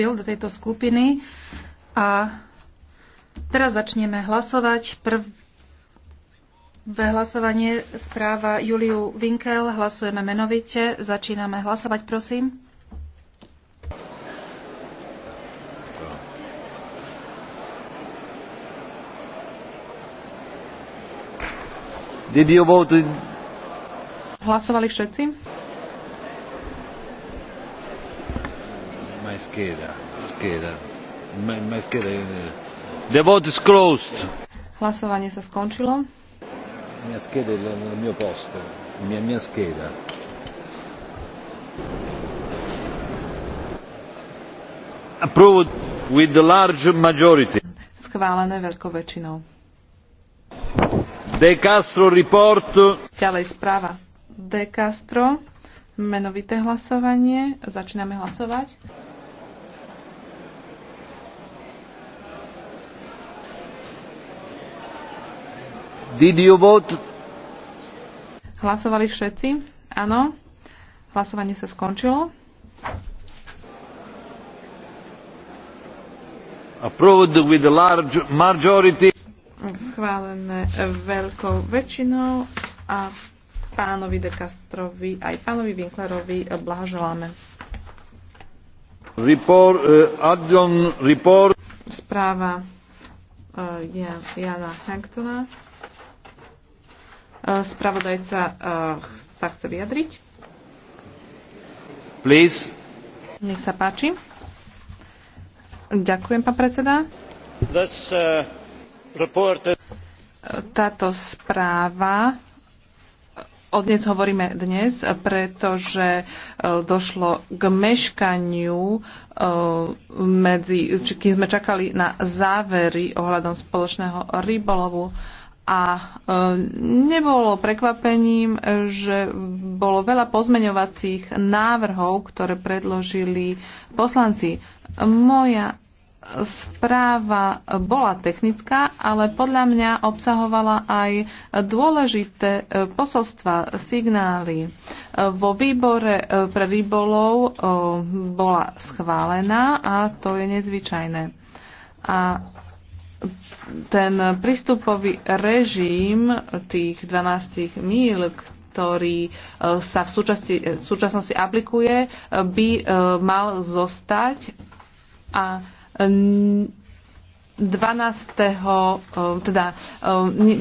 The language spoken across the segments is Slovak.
prispel do tejto skupiny. A teraz začneme hlasovať. Prvé hlasovanie správa Juliu Winkel. Hlasujeme menovite. Začíname hlasovať, prosím. Did you vote? Hlasovali všetci? The vote is closed. Hlasovanie sa skončilo. Mia scheda è il mio posto, mia, mia scheda. Approved with the large majority. Schválené veľkou väčšinou. De Castro report. Ďalej správa. De Castro. Menovité hlasovanie. Začíname hlasovať. Did you vote? Hlasovali všetci? Áno. Hlasovanie sa skončilo. Approved with a large majority. Schválené veľkou väčšinou a pánovi De Castrovi aj pánovi Winklerovi blahoželáme. Report, uh, eh, adjon report. Správa uh, Jana Hanktona. Spravodajca e, sa chce vyjadriť. Please. Nech sa páči. Ďakujem, pán predseda. This, uh, Táto správa O dnes hovoríme dnes, pretože e, došlo k meškaniu e, medzi, kým sme čakali na závery ohľadom spoločného rybolovu. A e, nebolo prekvapením, že bolo veľa pozmeňovacích návrhov, ktoré predložili poslanci. Moja správa bola technická, ale podľa mňa obsahovala aj dôležité e, posolstva, signály. E, vo výbore pre rybolov bola schválená a to je nezvyčajné. A ten prístupový režim tých 12 míl, ktorý e, sa v, súčasti, v súčasnosti aplikuje, e, by e, mal zostať a 12. teda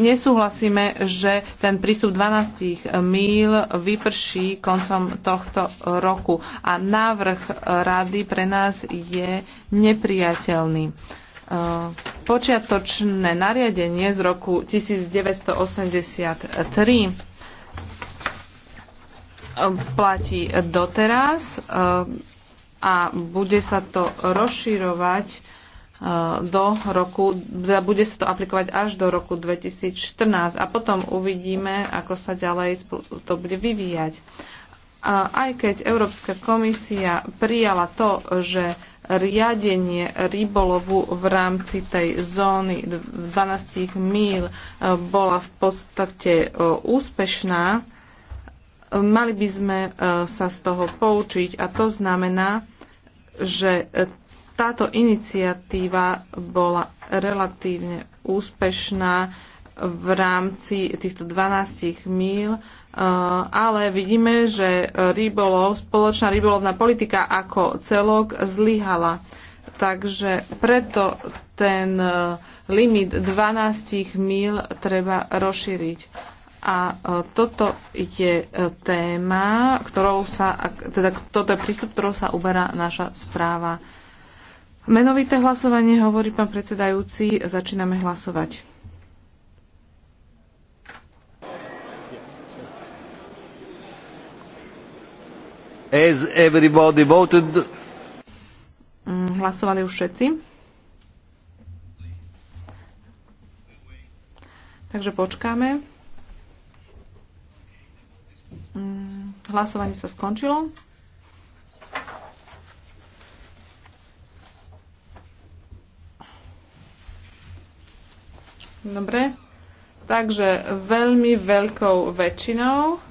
nesúhlasíme, že ten prístup 12 míl vyprší koncom tohto roku a návrh rady pre nás je nepriateľný počiatočné nariadenie z roku 1983 platí doteraz e, a bude sa to rozširovať e, do roku, teda bude sa to aplikovať až do roku 2014 a potom uvidíme, ako sa ďalej to bude vyvíjať. A aj keď Európska komisia prijala to, že riadenie rybolovu v rámci tej zóny 12 míl e, bola v podstate e, úspešná, e, mali by sme sa z toho poučiť a to znamená, že táto iniciatíva bola relatívne úspešná v rámci týchto 12 míl, eh, ale vidíme, že rybolov, spoločná rybolovná politika ako celok zlyhala. Takže preto ten eh, limit 12 míl treba rozšíriť. A eh, toto je téma, ktorou sa, teda toto je prístup, ktorou sa uberá naša správa. Menovité hlasovanie, hovorí pán predsedajúci, začíname hlasovať. Has everybody voted? Mm, hlasovali už všetci. Takže počkáme. Mm, hlasovanie sa skončilo. Dobre. Takže veľmi veľkou väčšinou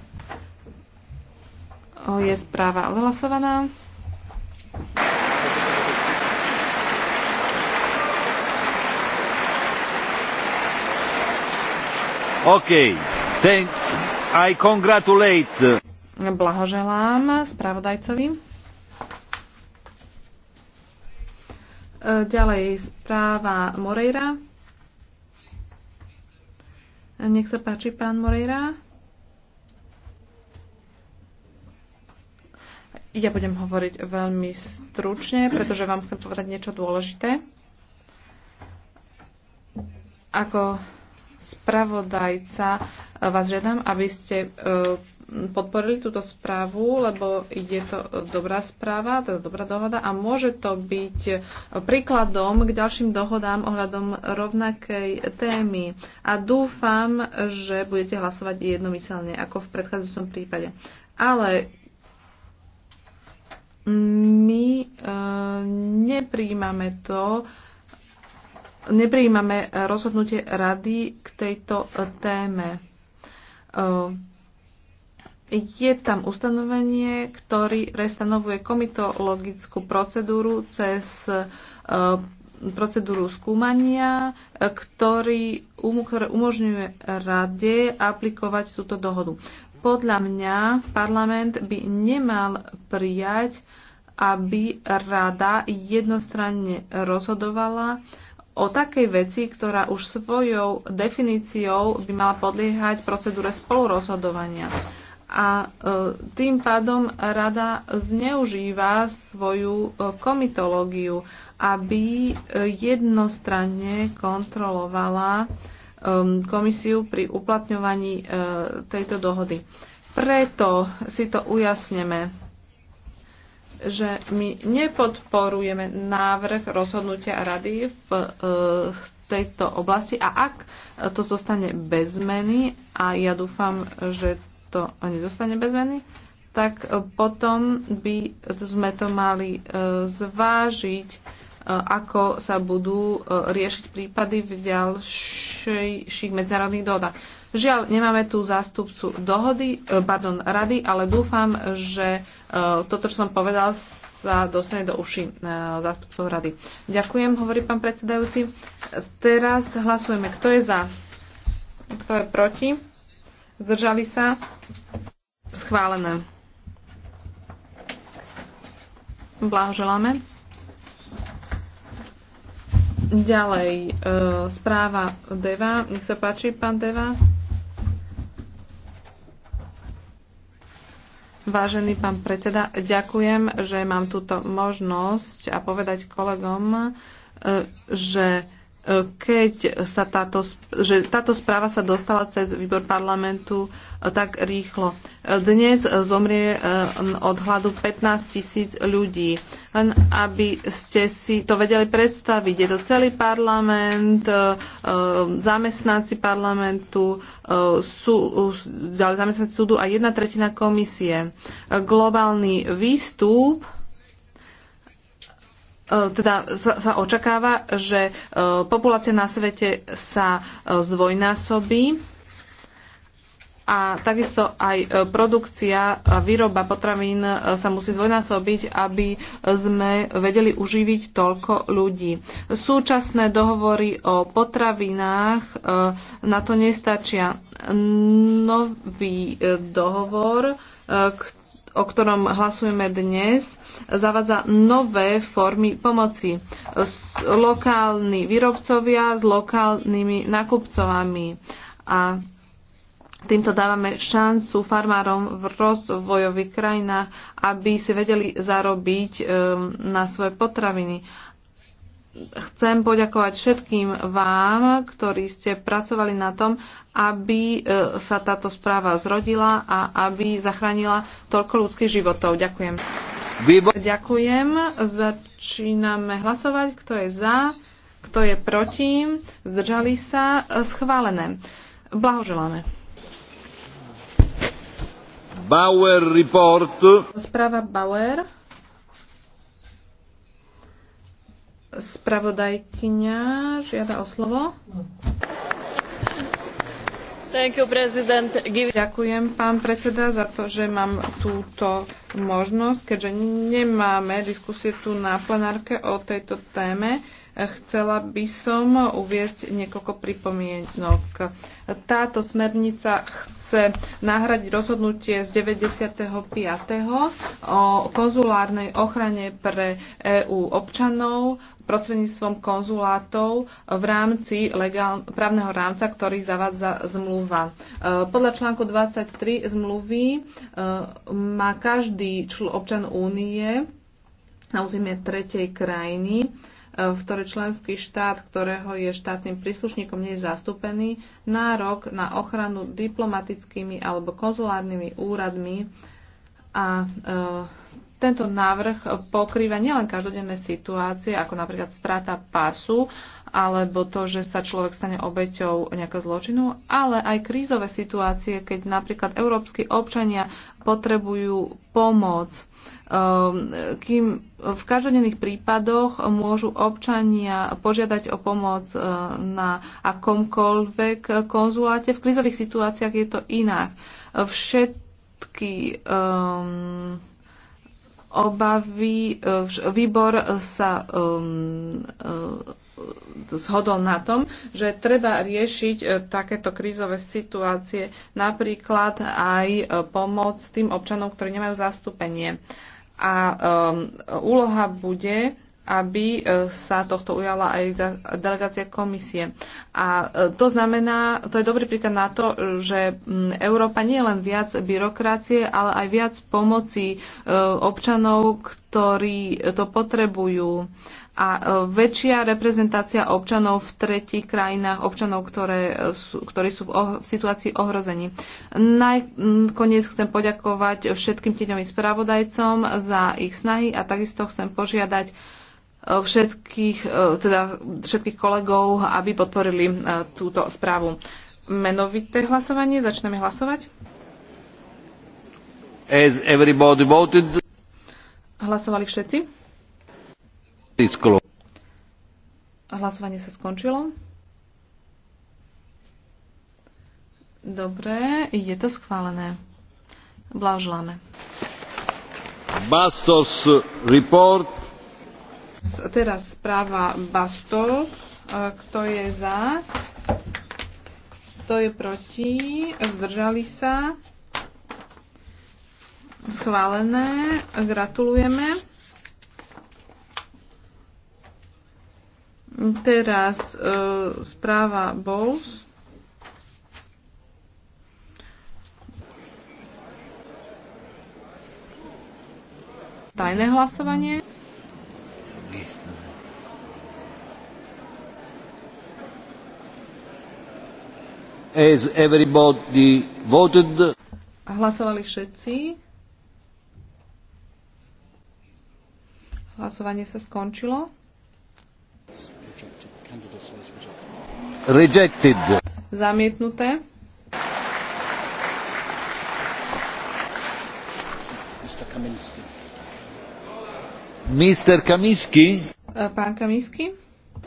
je správa odhlasovaná. OK. Thank, I congratulate. Blahoželám spravodajcovi. E, ďalej správa Moreira. E, nech sa páči, pán Moreira. Ja budem hovoriť veľmi stručne, pretože vám chcem povedať niečo dôležité. Ako spravodajca vás žiadam, aby ste e, podporili túto správu, lebo je to dobrá správa, teda dobrá dohoda a môže to byť príkladom k ďalším dohodám ohľadom rovnakej témy. A dúfam, že budete hlasovať jednomyselne, ako v predchádzajúcom prípade. Ale my e, nepríjmame to, nepríjmame rozhodnutie rady k tejto téme. E, je tam ustanovenie, ktorý restanovuje komitologickú procedúru cez e, procedúru skúmania, ktorý umožňuje rade aplikovať túto dohodu. Podľa mňa parlament by nemal prijať, aby rada jednostranne rozhodovala o takej veci, ktorá už svojou definíciou by mala podliehať procedúre spolurozhodovania. A e, tým pádom rada zneužíva svoju e, komitológiu, aby e, jednostranne kontrolovala Um, komisiu pri uplatňovaní uh, tejto dohody. Preto si to ujasneme, že my nepodporujeme návrh rozhodnutia Rady v uh, tejto oblasti a ak to zostane bez zmeny a ja dúfam, že to nedostane bez zmeny, tak potom by sme to mali uh, zvážiť E, ako sa budú e, riešiť prípady v ďalších medzinárodných dohodách. Žiaľ, nemáme tu zástupcu dohody, e, pardon, rady, ale dúfam, že toto, čo som povedal, sa dostane do uši zástupcov rady. Ďakujem, hovorí pán predsedajúci. Teraz hlasujeme, kto je za, kto je proti, zdržali sa, schválené. Blahoželáme. Ďalej, uh, správa Deva. Nech sa páči, pán Deva. Vážený pán predseda, ďakujem, že mám túto možnosť a povedať kolegom, uh, že keď sa táto, že táto správa sa dostala cez výbor parlamentu e, tak rýchlo. Dnes zomrie e, od hladu 15 tisíc ľudí. Len aby ste si to vedeli predstaviť, je to celý parlament, e, zamestnanci parlamentu, sú, zamestnanci súdu a jedna tretina komisie. Globálny výstup E, teda sa, sa očakáva, že e, populácia na svete sa e, zdvojnásobí a takisto aj produkcia a výroba potravín sa musí zdvojnásobiť, aby sme vedeli uživiť toľko ľudí. Súčasné dohovory o potravinách na to nestačia. Nový dohovor, ktorý o ktorom hlasujeme dnes, zavádza nové formy pomoci. Lokálni výrobcovia s lokálnymi nakupcovami. A týmto dávame šancu farmárom v rozvojových krajinách, aby si vedeli zarobiť ehm, na svoje potraviny chcem poďakovať všetkým vám, ktorí ste pracovali na tom, aby e, sa táto správa zrodila a aby zachránila toľko ľudských životov. Ďakujem. Výbo- Ďakujem. Začíname hlasovať, kto je za, kto je proti, zdržali sa, schválené. Blahoželáme. Bauer report. Správa Bauer. Spravodajkyňa žiada o slovo. You, Give... Ďakujem, pán predseda, za to, že mám túto možnosť. Keďže nemáme diskusie tu na plenárke o tejto téme, chcela by som uviezť niekoľko pripomienok. Táto smernica chce nahradiť rozhodnutie z 95. o konzulárnej ochrane pre EÚ občanov prostredníctvom konzulátov v rámci legál, právneho rámca, ktorý zavádza zmluva. E, podľa článku 23 zmluvy e, má každý občan únie na územie tretej krajiny e, v ktorej členský štát, ktorého je štátnym príslušníkom, nie je zastúpený, nárok na ochranu diplomatickými alebo konzulárnymi úradmi a e, tento návrh pokrýva nielen každodenné situácie, ako napríklad strata pasu, alebo to, že sa človek stane obeťou nejakého zločinu, ale aj krízové situácie, keď napríklad európsky občania potrebujú pomoc. Ehm, kým v každodenných prípadoch môžu občania požiadať o pomoc e, na akomkoľvek konzuláte, v krízových situáciách je to inak. Všetky um, obavy. E, výbor sa um, e, zhodol na tom, že treba riešiť e, takéto krízové situácie, napríklad aj pomoc tým občanom, ktorí nemajú zastúpenie. A um, úloha bude aby e, sa tohto ujala aj delegácia komisie. A e, to znamená, to je dobrý príklad na to, že Európa nie je len viac byrokracie, ale aj viac pomoci e, občanov, ktorí to potrebujú a väčšia reprezentácia občanov v tretich krajinách, občanov, ktoré sú, ktorí sú v, oh, v situácii ohrození. Nakoniec chcem poďakovať všetkým tieňovým spravodajcom za ich snahy a takisto chcem požiadať E, všetkých, e, teda všetkých kolegov, aby podporili e, túto správu. Menovité hlasovanie, začneme hlasovať. As everybody voted. Hlasovali všetci? Hlasovanie sa skončilo. Dobre, je to schválené. Blahoželáme. Bastos report Teraz správa Bastos. E, kto je za? Kto je proti? Zdržali sa? Schválené. Gratulujeme. Teraz e, správa Bowles. Tajné hlasovanie. as everybody voted? Hlasovali všetci. Hlasovanie sa skončilo. Rejected. Zamietnuté. Mr. Kamiński. E, pán Kamiński.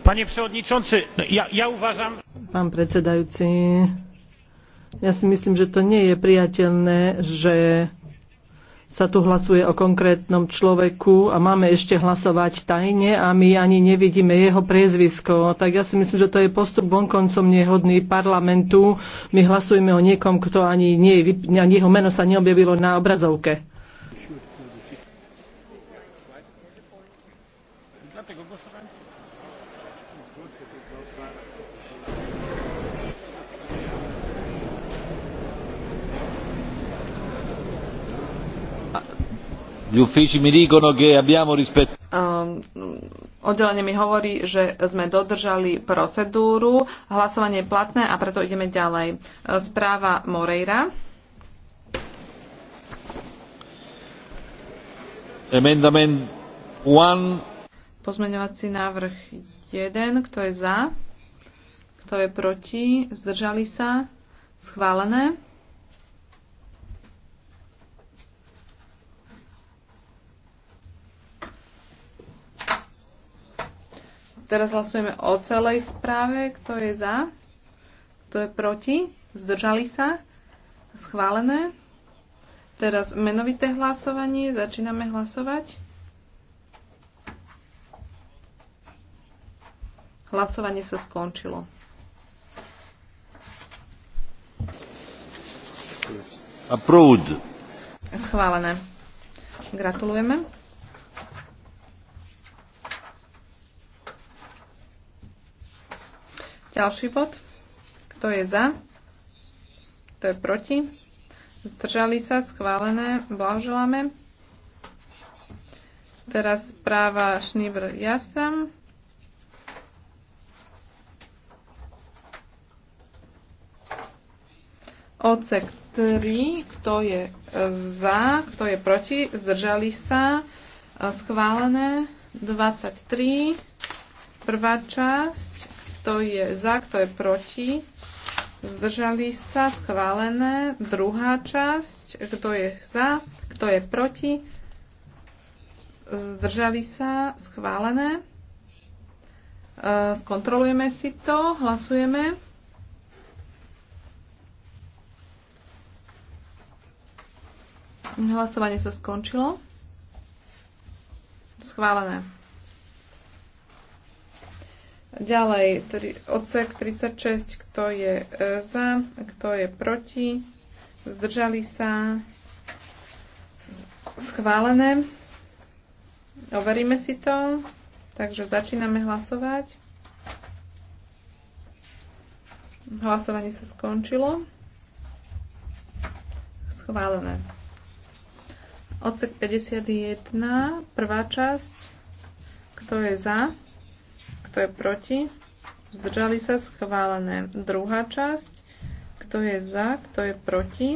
Panie przewodniczący, no ja, ja uważam pán predsedajúci. Ja si myslím, že to nie je priateľné, že sa tu hlasuje o konkrétnom človeku a máme ešte hlasovať tajne a my ani nevidíme jeho priezvisko. Tak ja si myslím, že to je postup vonkoncom nehodný parlamentu. My hlasujeme o niekom, kto ani, nie, ani jeho meno sa neobjavilo na obrazovke. mi ehm, oddelenie mi hovorí, že sme dodržali procedúru, hlasovanie je platné a preto ideme ďalej. E, správa Moreira. Amendment 1. Pozmeňovací návrh 1. Kto je za? Kto je proti? Zdržali sa? Schválené. Teraz hlasujeme o celej správe. Kto je za? Kto je proti? Zdržali sa? Schválené. Teraz menovité hlasovanie. Začíname hlasovať. Hlasovanie sa skončilo. Approved. Schválené. Gratulujeme. Ďalší bod. Kto je za? Kto je proti? Zdržali sa, schválené, blahoželáme. Teraz práva Šnibr Jastram. Ocek 3, kto je za, kto je proti, zdržali sa, schválené 23, prvá časť, kto je za, kto je proti? Zdržali sa schválené. Druhá časť. Kto je za, kto je proti? Zdržali sa schválené. E, skontrolujeme si to, hlasujeme. Hlasovanie sa skončilo. Schválené. Ďalej, odsek 36, kto je e, za, kto je proti, zdržali sa, schválené. Overíme si to, takže začíname hlasovať. Hlasovanie sa skončilo. Schválené. Odsek 51, prvá časť. Kto je za? Kto je proti? Zdržali sa schválené. Druhá časť. Kto je za? Kto je proti?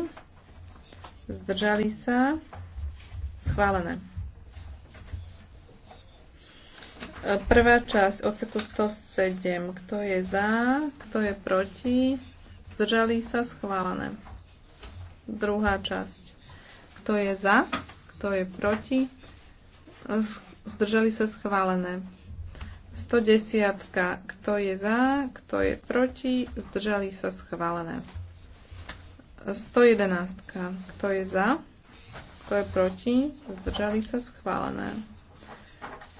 Zdržali sa schválené. Prvá časť odseku 107. Kto je za? Kto je proti? Zdržali sa schválené. Druhá časť. Kto je za? Kto je proti? Zdržali sa schválené. 110. Kto je za, kto je proti, zdržali sa schválené. 111. Kto je za, kto je proti, zdržali sa schválené.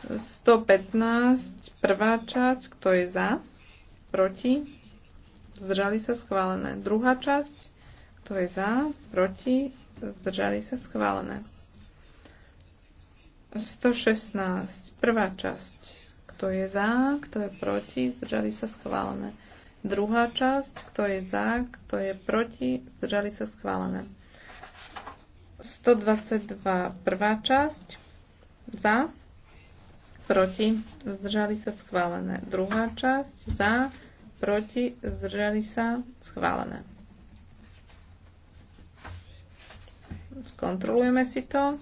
115. Prvá časť. Kto je za, proti, zdržali sa schválené. Druhá časť. Kto je za, proti, zdržali sa schválené. 116. Prvá časť kto je za, kto je proti, zdržali sa schválené. Druhá časť, kto je za, kto je proti, zdržali sa schválené. 122. Prvá časť, za, proti, zdržali sa schválené. Druhá časť, za, proti, zdržali sa schválené. Skontrolujeme si to.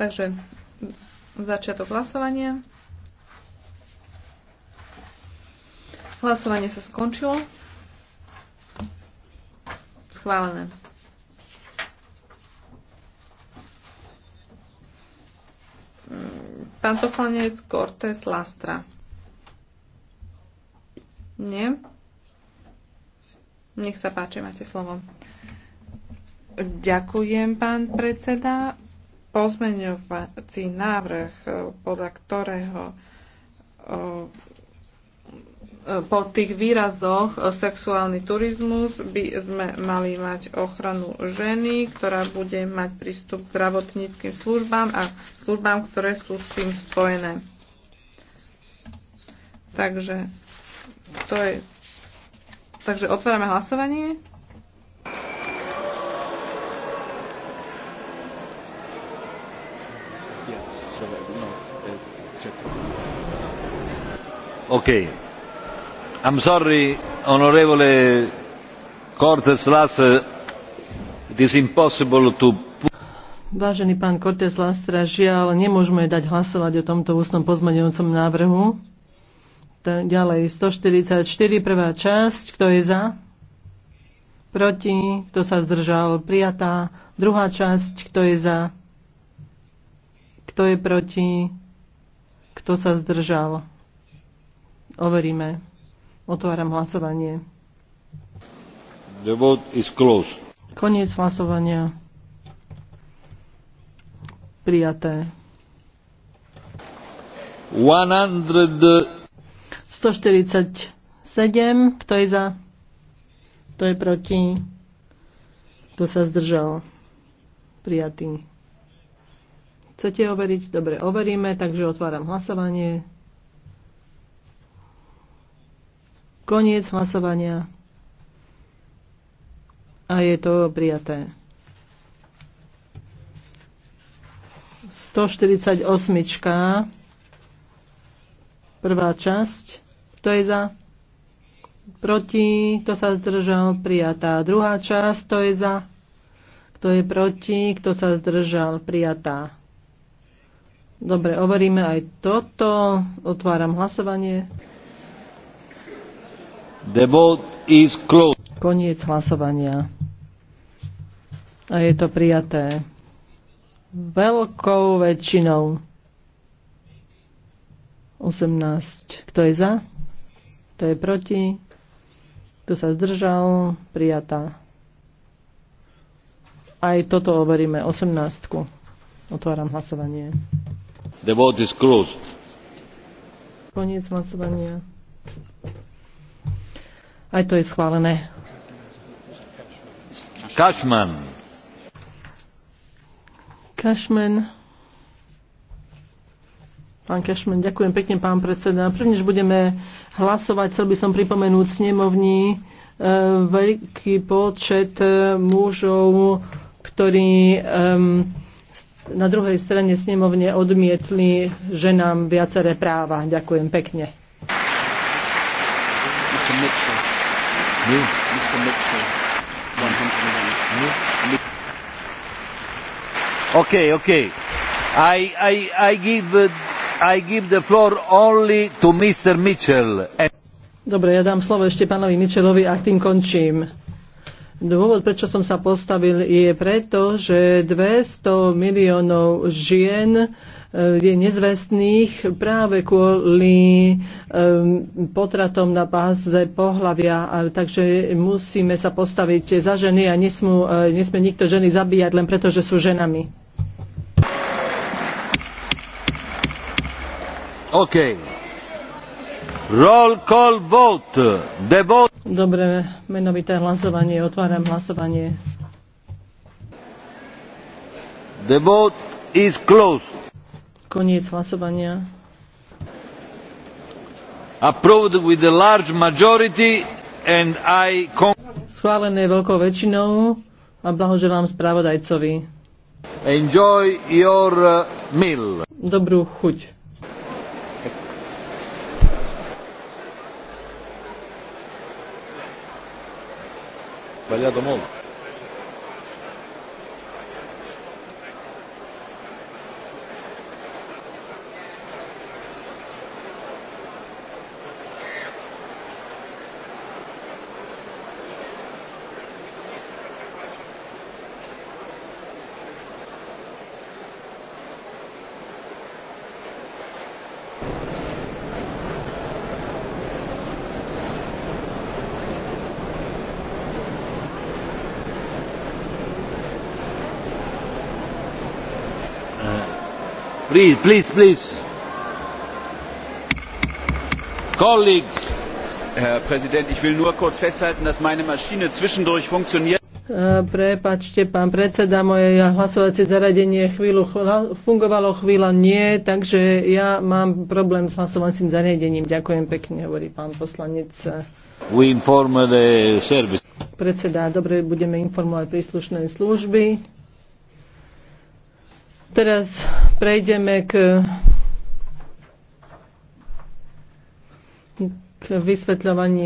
Takže začiatok hlasovania. Hlasovanie sa skončilo. Schválené. Pán poslanec Cortés Lastra. Nie? Nech sa páči, máte slovo. Ďakujem, pán predseda. Pozmeňovací návrh, eh, podľa ktorého eh, po tých výrazoch e, sexuálny turizmus by sme mali mať ochranu ženy, ktorá bude mať prístup k zdravotníckým službám a službám, ktoré sú s tým spojené. Takže to je... Takže otvárame hlasovanie. No, e, OK. I'm sorry, honorevole Cortes Lastra, it is impossible to Vážený pán Cortes Lastra, žiaľ, nemôžeme dať hlasovať o tomto ústnom pozmeňujúcom návrhu. Ďalej, 144, prvá časť, kto je za? Proti, kto sa zdržal, prijatá. Druhá časť, kto je za? Kto je proti? Kto sa zdržal? Overíme. Otváram hlasovanie. The vote is closed. Koniec hlasovania. Prijaté. 147. Uh, Kto je za? Kto je proti? Kto sa zdržal? Prijatý. Chcete overiť? Dobre, overíme, takže otváram hlasovanie. Koniec hlasovania. A je to prijaté. 148. Prvá časť. Kto je za? Proti. Kto sa zdržal? Prijatá. Druhá časť. Kto je za? Kto je proti? Kto sa zdržal? Prijatá. Dobre, overíme aj toto. Otváram hlasovanie. The vote is closed. Koniec hlasovania. A je to prijaté veľkou väčšinou. 18. Kto je za? Kto je proti? Kto sa zdržal? Prijatá. Aj toto overíme. 18. Otváram hlasovanie. The vote is closed. Koniec hlasovania. Aj to je schválené. Kašman. Kašman. Pán Kašman, ďakujem pekne, pán predseda. Prvne než budeme hlasovať, chcel by som pripomenúť e, veľký počet e, mužov, ktorí na druhej strane snemovne odmietli ženám viaceré práva. Ďakujem pekne. Mr. Mitchell. Okay, okay. I, I, I, give, uh, I give the floor only to Mr. Mitchell. Dobre, ja dám slovo ešte pánovi Mitchellovi a tým končím. Dôvod, prečo som sa postavil, je preto, že 200 miliónov žien Eh, je nezvestných práve kvôli eh, potratom na báze pohlavia. Takže musíme sa postaviť za ženy a nesmú, eh, nesmie nikto ženy zabíjať len preto, že sú ženami. OK. Roll call vote. The vote. Dobre, menovité hlasovanie. Otváram hlasovanie. The vote is closed. Koniec hlasovania. Approved with a large majority and I... Schválené veľkou väčšinou a blahoželám správodajcovi. Enjoy your uh, meal. Dobrú chuť. sbagliato molto. Please, please, please. Colleagues. Herr Präsident, ich will nur kurz festhalten, dass meine Maschine zwischendurch funktioniert. Äh, prepačte, pán predseda, moje hlasovacie zariadenie chvíľu fungovalo, chvíľa nie, takže ja mám problém s hlasovacím zariadením. Ďakujem pekne, hovorí pán poslanec. We inform the service. Predseda, dobre, budeme informovať príslušné služby. Teraz prejdeme k, k vysvetľovaní